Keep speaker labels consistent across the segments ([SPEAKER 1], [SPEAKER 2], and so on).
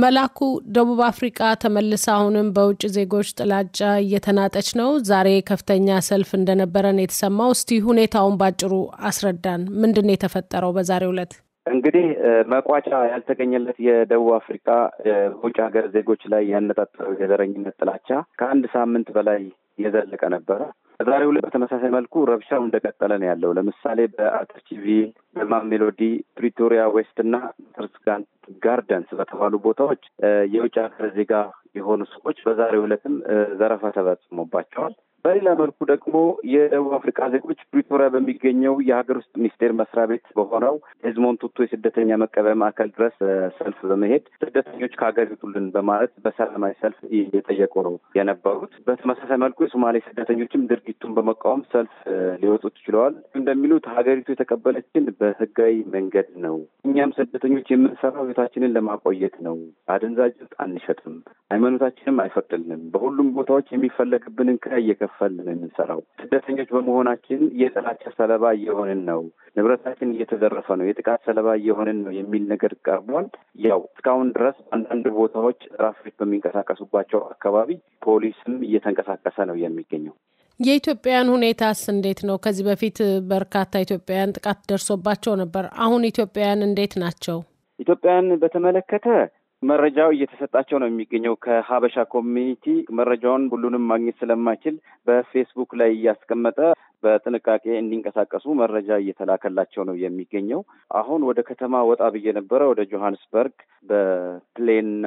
[SPEAKER 1] መላኩ ደቡብ አፍሪቃ ተመልሰ አሁንም በውጭ ዜጎች ጥላጫ እየተናጠች ነው። ዛሬ ከፍተኛ ሰልፍ እንደነበረን የተሰማው። እስቲ ሁኔታውን ባጭሩ አስረዳን። ምንድን ነው የተፈጠረው በዛሬው ዕለት?
[SPEAKER 2] እንግዲህ መቋጫ ያልተገኘለት የደቡብ አፍሪካ በውጭ ሀገር ዜጎች ላይ ያነጣጠረው የዘረኝነት ጥላቻ ከአንድ ሳምንት በላይ የዘለቀ ነበረ። በዛሬው ዕለት በተመሳሳይ መልኩ ረብሻው እንደቀጠለ ነው ያለው። ለምሳሌ በአርተርቺቪል፣ ሜሎዲ ፕሪቶሪያ ዌስት እና ተርስጋን ጋርደንስ በተባሉ ቦታዎች የውጭ ሀገር ዜጋ የሆኑ ሰዎች በዛሬው ዕለትም ዘረፋ ተፈጽሞባቸዋል። በሌላ መልኩ ደግሞ የደቡብ አፍሪካ ዜጎች ፕሪቶሪያ በሚገኘው የሀገር ውስጥ ሚኒስቴር መስሪያ ቤት በሆነው ዴዝሞንድ ቱቱ የስደተኛ መቀበያ ማዕከል ድረስ ሰልፍ በመሄድ ስደተኞች ከሀገር ይውጡልን በማለት በሰላማዊ ሰልፍ እየጠየቁ ነው የነበሩት። በተመሳሳይ መልኩ የሶማሌ ስደተኞችም ድርጊቱን በመቃወም ሰልፍ ሊወጡ ችለዋል። እንደሚሉት ሀገሪቱ የተቀበለችን በህጋዊ መንገድ ነው። እኛም ስደተኞች የምንሰራው ቤታችንን ለማቆየት ነው። አደንዛዥ አንሸጥም፣ ሃይማኖታችንም አይፈቅድልንም። በሁሉም ቦታዎች የሚፈለግብንን ክራይ እየከፍ እየከፈል ነው የምንሰራው። ስደተኞች በመሆናችን የጥላቻ ሰለባ እየሆንን ነው፣ ንብረታችን እየተዘረፈ ነው፣ የጥቃት ሰለባ እየሆንን ነው የሚል ነገር ቀርቧል። ያው እስካሁን ድረስ አንዳንድ ቦታዎች ራፊዎች በሚንቀሳቀሱባቸው አካባቢ ፖሊስም እየተንቀሳቀሰ ነው የሚገኘው።
[SPEAKER 1] የኢትዮጵያውያን ሁኔታስ እንዴት ነው? ከዚህ በፊት በርካታ ኢትዮጵያውያን ጥቃት ደርሶባቸው ነበር። አሁን ኢትዮጵያውያን እንዴት ናቸው?
[SPEAKER 2] ኢትዮጵያውያን በተመለከተ መረጃው እየተሰጣቸው ነው የሚገኘው። ከሀበሻ ኮሚኒቲ መረጃውን ሁሉንም ማግኘት ስለማይችል በፌስቡክ ላይ እያስቀመጠ በጥንቃቄ እንዲንቀሳቀሱ መረጃ እየተላከላቸው ነው የሚገኘው። አሁን ወደ ከተማ ወጣ ብዬ ነበረ። ወደ ጆሀንስበርግ በፕሌንና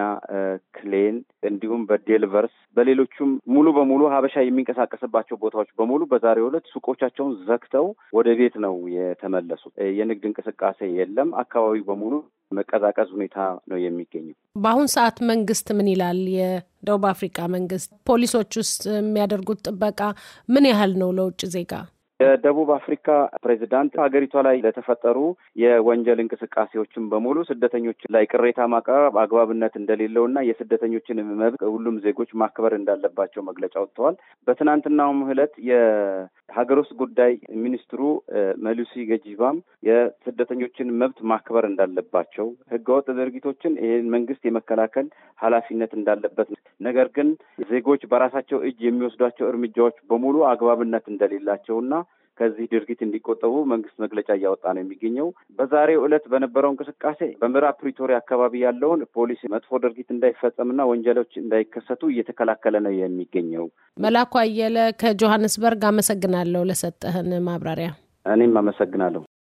[SPEAKER 2] ክሌን እንዲሁም በዴልቨርስ በሌሎቹም ሙሉ በሙሉ ሀበሻ የሚንቀሳቀስባቸው ቦታዎች በሙሉ በዛሬው ዕለት ሱቆቻቸውን ዘግተው ወደ ቤት ነው የተመለሱት። የንግድ እንቅስቃሴ የለም። አካባቢው በሙሉ መቀዛቀዝ ሁኔታ ነው የሚገኘው።
[SPEAKER 1] በአሁን ሰዓት መንግስት ምን ይላል? የደቡብ አፍሪካ መንግስት ፖሊሶች ውስጥ የሚያደርጉት ጥበቃ ምን ያህል ነው ለውጭ ዜጋ?
[SPEAKER 2] የደቡብ አፍሪካ ፕሬዚዳንት ሀገሪቷ ላይ ለተፈጠሩ የወንጀል እንቅስቃሴዎችን በሙሉ ስደተኞች ላይ ቅሬታ ማቅረብ አግባብነት እንደሌለው እና የስደተኞችን መብት ሁሉም ዜጎች ማክበር እንዳለባቸው መግለጫ ወጥተዋል። በትናንትናውም ዕለት የሀገር ውስጥ ጉዳይ ሚኒስትሩ መሉሲ ገጂባም የስደተኞችን መብት ማክበር እንዳለባቸው፣ ህገወጥ ድርጊቶችን ይህን መንግስት የመከላከል ኃላፊነት እንዳለበት ነገር ግን ዜጎች በራሳቸው እጅ የሚወስዷቸው እርምጃዎች በሙሉ አግባብነት እንደሌላቸውና ከዚህ ድርጊት እንዲቆጠቡ መንግስት መግለጫ እያወጣ ነው የሚገኘው። በዛሬው ዕለት በነበረው እንቅስቃሴ በምዕራብ ፕሪቶሪያ አካባቢ ያለውን ፖሊስ መጥፎ ድርጊት እንዳይፈጸምና ወንጀሎች እንዳይከሰቱ እየተከላከለ ነው የሚገኘው።
[SPEAKER 1] መላኩ አየለ ከጆሀንስበርግ አመሰግናለሁ ለሰጠህን ማብራሪያ።
[SPEAKER 2] እኔም አመሰግናለሁ።